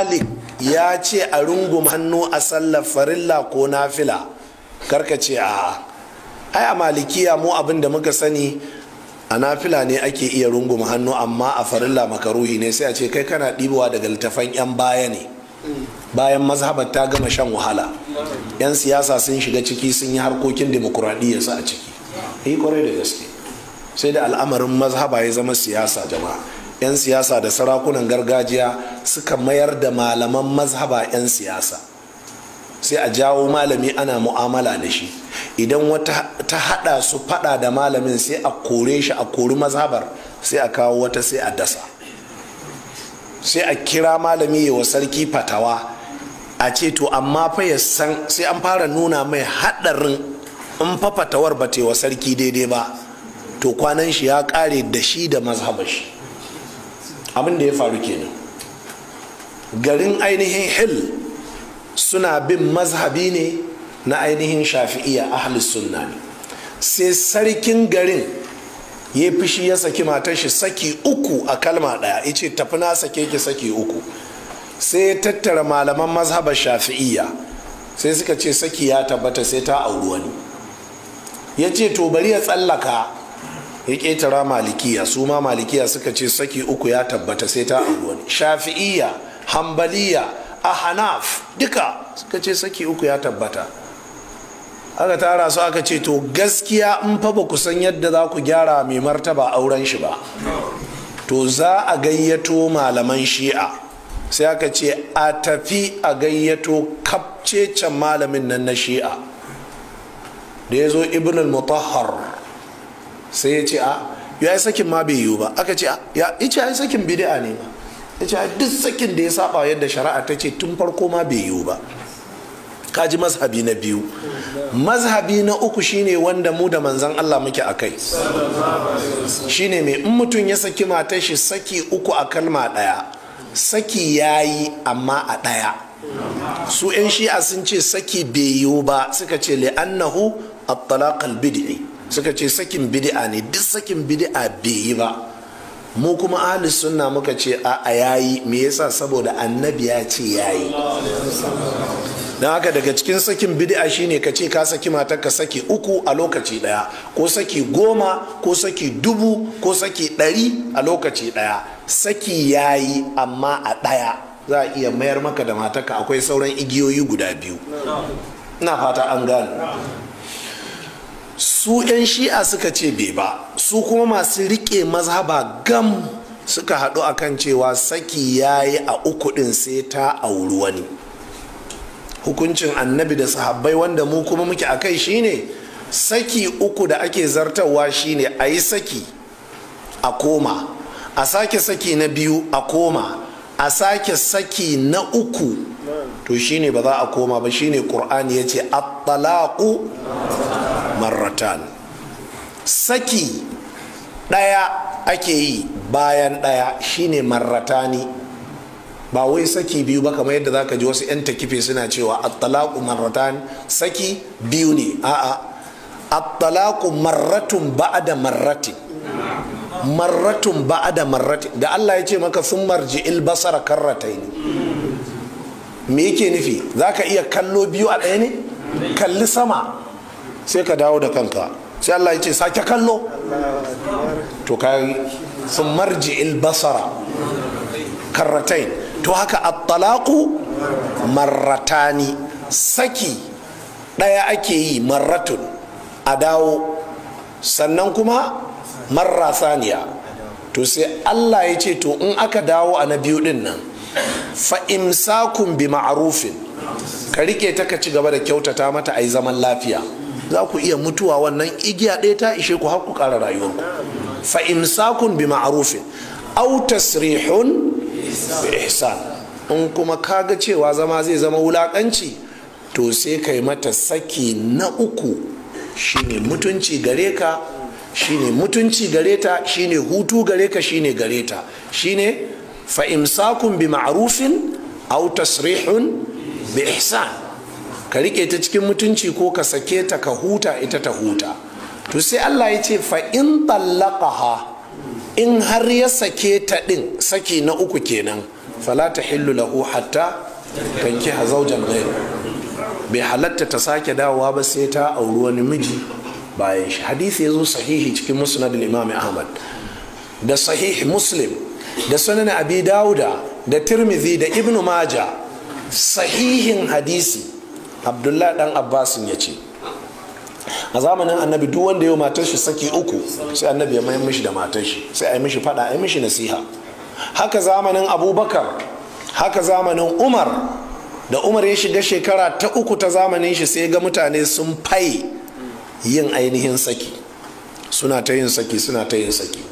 malik ya ce a rungum hannu a sallar farilla ko nafila karka ce a ai a malikiya mu abin da muka sani a nafila ne ake iya rungum hannu amma a farilla makaruhi ne sai a ce kai kana ɗibowa daga littafan 'yan baya ne bayan mazhabar ta gama shan wahala 'yan siyasa sun shiga ciki sun yi harkokin su a ciki yi eh, kwarai da gaske sai da al'amarin mazhaba ya zama siyasa jama'a 'yan siyasa da sarakunan gargajiya suka mayar da malaman mazhaba 'yan siyasa sai a jawo malami ana mu'amala da shi idan wata ta hada su fada da malamin sai a kore shi a kori mazhabar sai a kawo wata sai a dasa sai a kira malami ya wa sarki fatawa a ce to amma fa ya san sai an fara nuna mai hadarin in fa fatawar ba wa sarki daidai ba to kwanan shi ya kare da shi da mazhabar shi abin da ya faru kenan garin ainihin hill suna bin mazhabi ne na ainihin shafi'iya ahli sunna ne sai sarkin garin ya yi fishi ya saki matar shi saki uku a kalma ɗaya ya ce tafi na sake ki saki uku sai ya tattara malaman mazhabar shafi'iyya sai suka ce saki ya tabbata sai ta auri wani ya ce to bari ya tsallaka ya ƙetara malikiya su ma malikiya suka ce saki uku ya tabbata sai ta auri shafi'iyya shafi'iya hambaliya hanaf duka suka ce saki uku ya tabbata aka tara su aka ce to gaskiya in fa ba ku san yadda za ku gyara mai martaba auren shi ba to za a gayyato malaman shi'a sai aka ce a tafi a gayyato kafcecen malamin nan na shi'a da ya zo ibn al-mutahhar sai ya ce a ya yi sakin ma bai yiwu ba aka ce ya ce ya yi sakin bidi'a ne ba ya ce duk sakin da ya saba yadda shari'a ta ce tun farko ma bai yiwu ba Ka ji mazhabi na biyu mazhabi na uku shine wanda mu da manzan Allah muke a kai shine mai in mutum ya saki matar shi saki uku a kalma ɗaya saki ya yi amma a ɗaya su 'yan shi'a sun ce saki bai yiwu ba suka ce li'annahu at-talaq bidi suka ce sakin bid'a ne duk sakin bid'a bai yi ba mu kuma ahli sunna muka ce a yayi me yasa saboda annabi ya ce yayi Dan haka daga cikin sakin bid'a shine ka ce ka saki matar ka saki uku a lokaci daya ko saki goma ko saki dubu ko saki ɗari a lokaci daya saki yayi amma a daya za a iya mayar maka da matarka akwai sauran igiyoyi guda biyu ina fata an gano su 'yan shi'a suka ce bai ba su kuma masu riƙe mazhaba gam suka haɗu kan cewa saki ya yi a uku ɗin sai ta auri wani hukuncin annabi da sahabbai wanda mu kuma muke a kai shine saki uku da ake zartarwa shine a yi saki a koma a sake saki na biyu a koma a sake saki na uku to shine ba za a koma ba shine ƙur'ani ya ce at-talaqu marratan saki ɗaya ake yi bayan ɗaya shine marratani ba wai saki biyu ba kamar yadda zaka ji wasu 'yan takife suna cewa at-talaqu marratan saki biyu ne a'a at-talaqu marratun ba'da marratin marratun ba'da marratin da Allah ya ce maka sun marji basara karrataini me yake nufi zaka iya kallo biyu a ɗaya ne kalli sama sai ka dawo da kanka sai Allah ya ce sake kallo to kayi sun marji basara karratai to haka attalaku marratani saki ɗaya ake yi marratun a dawo sannan kuma marra saniya to sai Allah ya ce to in aka dawo a na biyu din nan fa bi ma'arufin ka rike ta ka ci gaba da kyautata mata a yi zaman lafiya za ku iya mutuwa wannan igiya ɗaya ta ishe ku har ku ƙara rayuwarku fa imsakun bi ma'rufin aw tasrihun bi in kuma kaga cewa zama zai zama wulaƙanci to sai kai mata saki na uku shine mutunci gare ka shine mutunci gare ta shine hutu gare ka shine gare ta shine fa imsakun bi ma'rufin aw tasrihun bi ka rike ta cikin mutunci ko ka sake ta ka huta ita ta huta to sai Allah ya ce fa in tallaqaha in har ya sake ta din saki na uku kenan fala hillu lahu hatta tankiha hazaujan ghayra bai halatta ta sake dawowa ba sai ta auri wani miji bayan shi hadisi ya sahihi cikin musnad imam ahmad da sahihi muslim da sunan abi dauda da tirmidhi da ibnu maja sahihin hadisi abdullahi dan abbasin ya ce a zamanin annabi duk wanda ya matar shi saki uku sai annabi ya mayar mishi da matar shi sai a yi mishi fada a yi mishi nasiha haka zamanin abubakar haka zamanin umar da umar ya shiga shekara ta uku ta zamanin shi sai ga mutane sun faye yin ainihin saki suna ta yin saki suna ta yin saki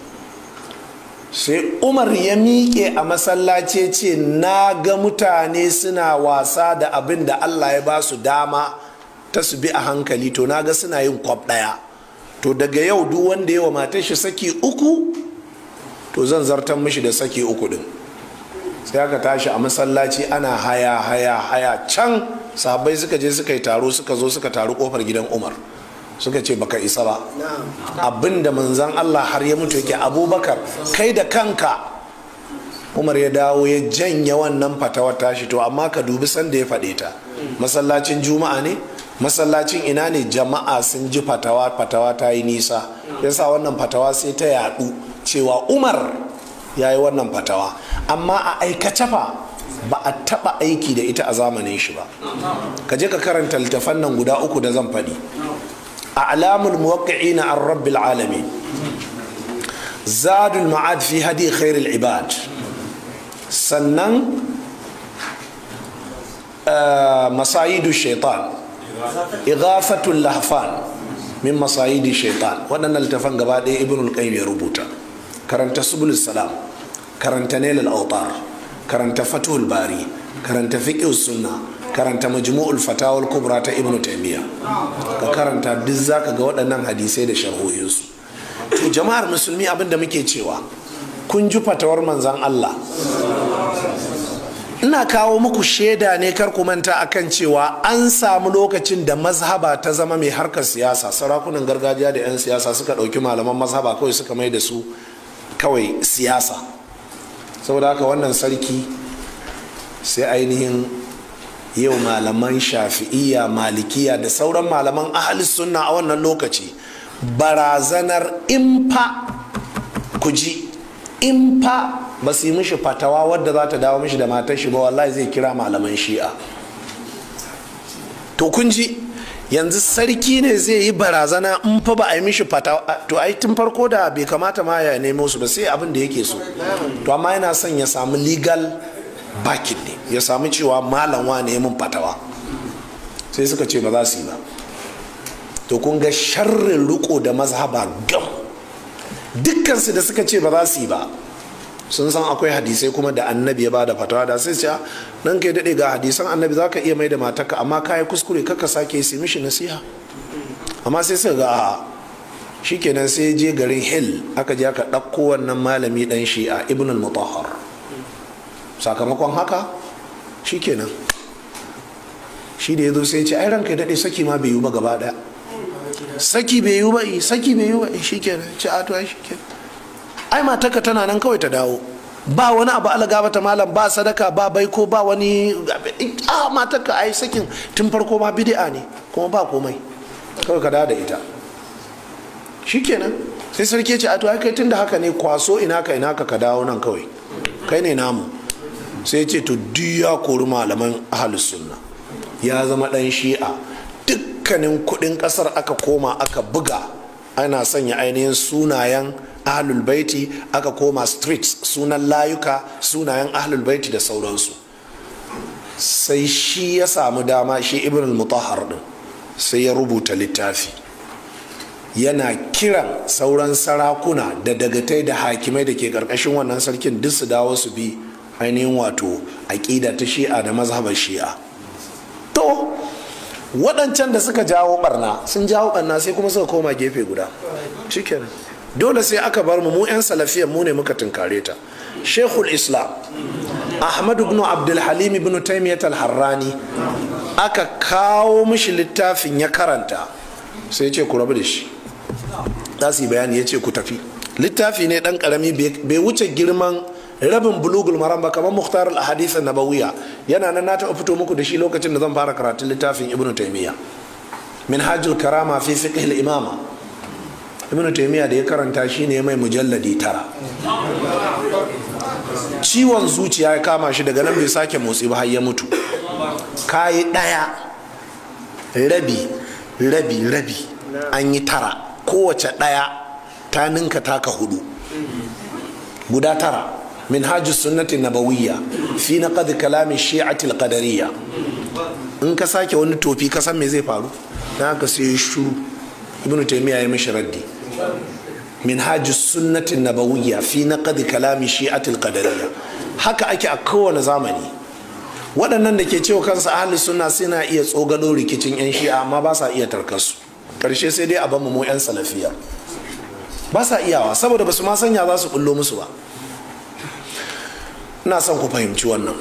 sai umar ya miƙe a masallaci ce na ga mutane suna wasa da abin da allah ya ba su dama ta su bi a hankali to na ga suna yin kwab ɗaya to daga yau duk wanda ya yawa matar shi saki uku to zan zartan mishi da saki uku din sai aka tashi a masallaci ana haya haya haya can sahabbai suka je suka yi taro suka zo suka taru kofar gidan umar suka ce baka isa ba abinda manzan Allah har ya mutu yake abubakar kai da kanka umar ya dawo ya janye wannan fatawar tashi to amma ka dubi sanda ya faɗe ta masallacin juma'a ne masallacin ina ne jama'a sun ji fatawa fatawa ta yi nisa yasa wannan fatawa sai ta yadu. cewa umar ya yi wannan fatawa amma a aikace fa ba a taba aiki da ita a zamanin shi ba ka je ka karanta littafan nan guda uku da zan faɗi A a'lamul muwaqqi'ina an rabbil alamin zadul ma'ad fi hadi khairul ibad sannan masayidu shaitan igafatul lahfan min masayidi shaitan waɗannan littafan gaba ɗaya ibn ya rubuta karanta subul salam karanta nailal autar karanta fatuhul bari karanta fiqh sunna karanta majmu'ul fatawul kubra ta ibn taymiya ka karanta duk zaka ga waɗannan hadisai da su to jama'ar musulmi abinda muke cewa kun ji fatawar manzan Allah ina kawo muku shaida ne kar ku manta akan cewa an samu lokacin da mazhaba ta zama mai harkar siyasa sarakunan gargajiya da 'yan siyasa suka ɗauki malaman mazhaba kawai suka mai da su kawai siyasa saboda haka wannan sarki sai ainihin yau malaman shafi'iyya malikiya da sauran malaman ahli sunna a wannan lokaci barazanar in fa ku ji in ba su yi mishi fatawa wadda za ta dawo mishi da matar shi ba wallahi zai kira malaman shi'a to kun ji yanzu sarki ne zai yi barazana in fa ba a yi mishi fatawa to ai tun farko da bai kamata ma ya nemo su ba sai abin da yake so to amma yana son ya samu legal bakin ne ya samu cewa malam wane ya mun fatawa sai suka ce ba za su yi ba to kun ga sharrin riko da mazhaba gam dukkansu da suka ce ba za su yi ba sun san akwai hadisai kuma da annabi ya bada fatawa da sai ce nan kai dade ga hadisan annabi za ka iya mai da matarka amma ka yi kuskure kaka sake yi mishi nasiha amma sai suka ga kenan sai je garin hill aka je aka ɗauko wannan malami ɗan shi'a ibn al-mutahhar sakamakon haka shi kenan shi da ya zo sai ce ai ranka daɗe saki ma bai yi ba gaba ɗaya saki bai yi ba eh, saki bai yi ba eh, shi kenan ce a to ai shi kenan ai matarka tana nan kawai ta dawo ba wani abu alaga mata malam ba sadaka ba baiko ba wani eh, a mataka ai sakin tun farko ma bid'a ne kuma ba komai kawai ka dawo da ita shikenan sai sarki ce a to ai kai tunda haka ne kwaso ina ka ina ka ka dawo nan kawai kai ne namu sai ce to duk ya kori malaman ahalus sunna ya zama dan shi'a dukkanin kudin kasar aka koma aka buga ana sanya ainihin sunayen ahalul baiti aka koma streets sunan layuka sunayen ahalul baiti da sauransu sai shi ya samu dama shi ibn al-mutahhar din sai ya rubuta littafi yana kiran sauran sarakuna da dagatai da hakimai da ke karkashin wannan sarkin duk su dawo su bi ainihin wato aƙida ta shi'a da mazhabar shi'a to waɗancan da suka jawo ɓarna sun jawo barna sai kuma suka koma gefe guda dole sai aka bar mu mu 'yan salafiyar mu ne muka tunkare ta shekul islam Ahmadu ibn abdulhalim ibn taimiyat al aka kawo mishi littafin ya karanta sai ya ce ku rabu da shi za su yi bayani ya ce ku tafi littafi ne ɗan ƙarami bai wuce girman rabin bulugul maram ba kamar a al na nabawiya yana nan na taɓa fito muku da shi lokacin da zan fara karatun littafin ibnu taymiya minhajul karama fi fiqh al-imama ibnu taymiya da ya karanta shi ne mai mujalladi tara ciwon zuciya ya kama shi daga nan bai sake motsi ba har ya mutu kayi ɗaya rabi rabi rabi an yi tara kowace ɗaya ta ninka taka hudu guda tara minhajus sunnati nabawiyya fi naqd kalami shi'ati al-qadariyya in ka sake wani tofi ka san me zai faru na haka sai shuru ibnu taymiya ya mishi raddi minhajus sunnati nabawiyya fi naqd kalami shi'ati al-qadariyya haka ake a kowane zamani waɗannan da ke cewa kansa ahli sunna suna iya tsogalo rikicin yan shi'a amma ba sa iya tarkarsu karshe sai dai a bamu mu yan salafiya ba sa iyawa saboda ba su ma sanya za su bullo musu ba ina son ku fahimci wannan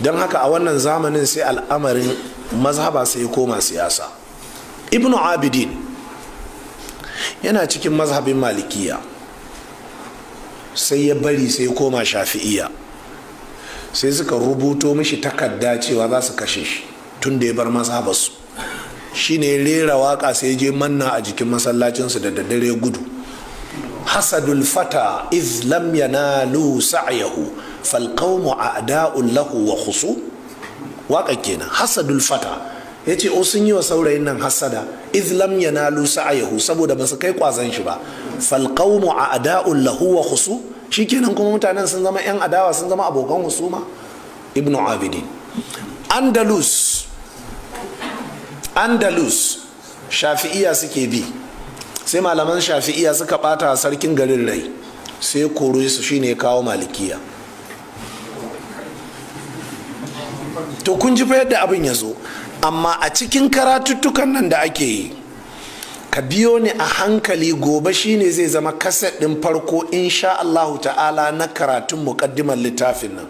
don haka a wannan zamanin sai al'amarin mazhaba sai ya koma siyasa ibnu abidin yana cikin mazhabin malikiya sai ya bari sai koma shafi'iya sai suka rubuto mishi takarda cewa za su kashe shi tun da ya bar mazhabarsu shi ne rera waka sai je manna a jikin masallacinsu da daddare gudu hasadul fata iz lam yanalu sa'yahu fal qawmu a'da'un lahu wa khusu waka kenan hasadul yace o oh, sun yi wa saurayin nan hasada iz lam yanalu sa'yahu saboda ba su kai kwazan shi ba fal qawmu a'da'un lahu wa khusu shikenan kuma mutanen sun zama yan adawa sun zama abokan husuma ibnu abidin andalus andalus shafi'iya suke bi sai malaman shafi'iya suka bata sarkin garin rai sai koro su shine kawo malikiya to kun ji fa yadda abin ya zo amma a cikin karatuttukan nan da ake yi ka biyo ni a hankali gobe shine zai zama kaset ɗin farko insha Allahu ta'ala na karatun muƙaddimar littafin nan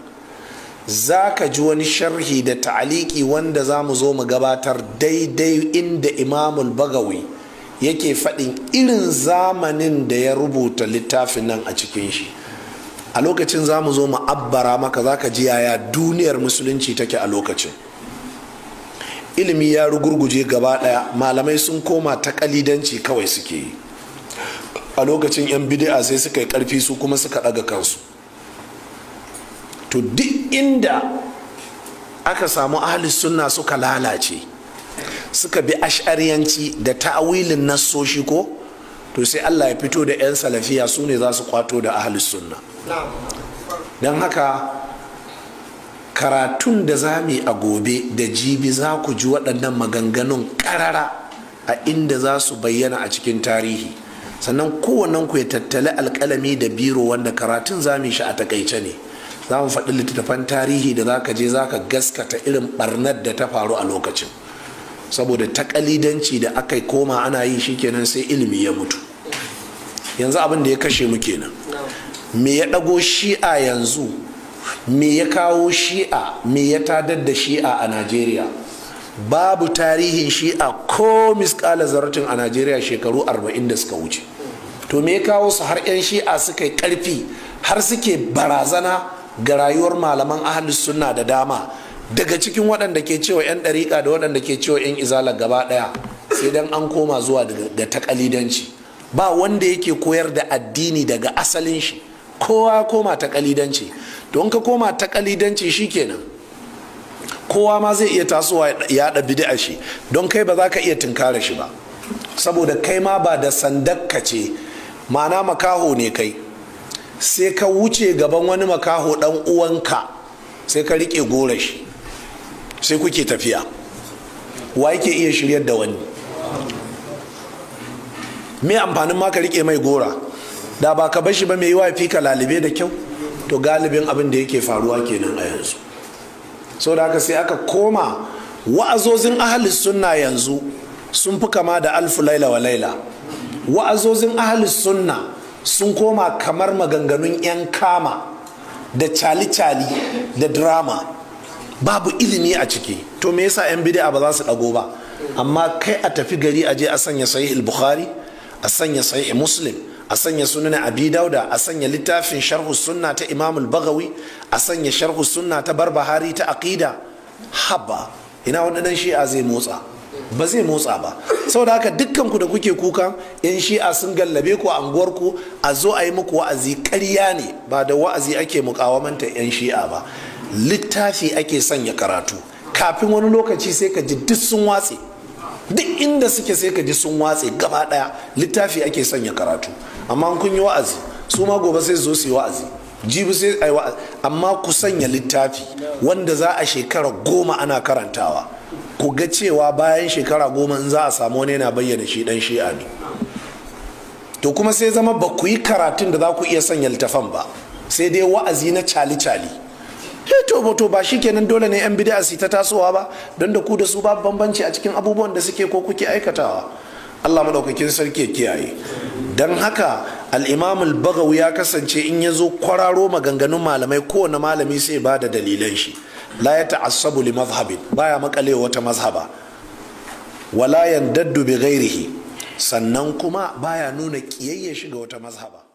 za ka ji wani sharhi da ta'aliki wanda za mu zo mu gabatar daidai inda imamul bagawi yake faɗin irin zamanin da ya rubuta littafin nan a cikin shi a lokacin za mu zo mu abbara maka zaka ji yaya duniyar musulunci take a lokacin ilimi ya rugurguje gaba ɗaya malamai sun koma ta kalidanci kawai suke yi a lokacin 'yan bidi'a sai suka yi ƙarfi su kuma suka ɗaga kansu to duk inda aka samu ahli sunna suka lalace suka bi ash'ariyanci da ta'awilin nassoshi ko to sai Allah ya fito da 'yan salafiya su ne za su kwato da ahli sunna don haka karatun da za mu a gobe da jibi za ku ji waɗannan maganganun ƙarara a inda za su bayyana a cikin tarihi sannan kowannen ku ya tattali alƙalami da biro wanda karatun mu shi a takaice ne za mu faɗi littattafan tarihi da za ka je za ka gaskata irin ɓarnar da ta faru a lokacin saboda takalidanci da aka koma ana yi shikenan sai ilimi ya mutu yanzu abin da ya kashe mu kenan me ya dago shi'a yanzu me ya kawo shi'a me ya tadar da shi'a a najeriya babu tarihin shi'a ko miskala zaratin a najeriya shekaru 40 da suka wuce to me ya kawo su har 'yan shi'a suka yi karfi har suke barazana ga rayuwar malaman ahalus sunna da dama daga cikin waɗanda ke cewa 'yan ɗariƙa da waɗanda ke cewa 'yan izala gaba ɗaya sai dan an koma zuwa ga takalidanci ba wanda yake koyar da addini daga asalin shi kowa koma takalidanci don ka koma takalidanci shi kenan, kowa ma zai iya tasowa ya da shi don kai ba za ka iya tunkara shi ba saboda kai ma ba da sandakka ce ma'ana makaho ne kai sai ka wuce gaban wani makaho ɗan uwanka sai ka rike gora shi sai kuke tafiya wa yake iya shiryar da wani me amfanin ma ka rike mai gora da ba ka bashi ba mai wa fi ka lalibe da kyau to galibin abin da yake faruwa kenan a yanzu so da haka sai aka koma wa'azozin ahalis sunna yanzu sun fi kama da alfu laila wa laila wa'azozin ahalis sunna sun koma kamar maganganun 'yan kama da cali-cali da drama babu ilimi a ciki to me yasa yan bid'a ba za su dago ba amma kai a tafi gari a je a sanya sahih bukhari a sanya sahih muslim a sanya sunan abi dauda a sanya littafin sharhu sunna ta imam al-baghawi a sanya sharhu sunna ta barbahari ta aqida haba ina wani dan shi'a zai motsa ba zai motsa ba saboda haka dukkan ku da kuke kuka yan shi'a sun gallabe ku a anguwar a zo a yi muku wa'azi ƙarya ne ba da wa'azi ake mukawamanta yan shi'a ba littafi ake sanya karatu kafin wani lokaci sai ka ji duk sun watse duk inda suke sai ka ji sun watse gaba daya littafi ake sanya karatu amma kun yi wa'azi su ma gobe sai zo su yi wa'azi jibi sai ai wa'azi amma ku sanya littafi wanda za a shekara goma ana karantawa ku ga cewa bayan shekara goma in za a samu wani yana bayyana shi dan shi'a ne to kuma sai zama ba ku yi karatun da za ku iya sanya littafan ba sai dai wa'azi na cali-cali to to ba kenan dole ne yan bid'a su ta tasowa ba don da ku da su ba bambanci a cikin abubuwan da suke ko kuke aikatawa Allah madaukakin sarki kiyaye dan haka al-imam al-bagawi ya kasance in ya zo kwararo maganganun malamai kowane malami sai ba da dalilan shi la ya ta'assabu li mazhabin baya makale wata mazhaba wala yandaddu bi ghairihi sannan kuma baya nuna shi ga wata mazhaba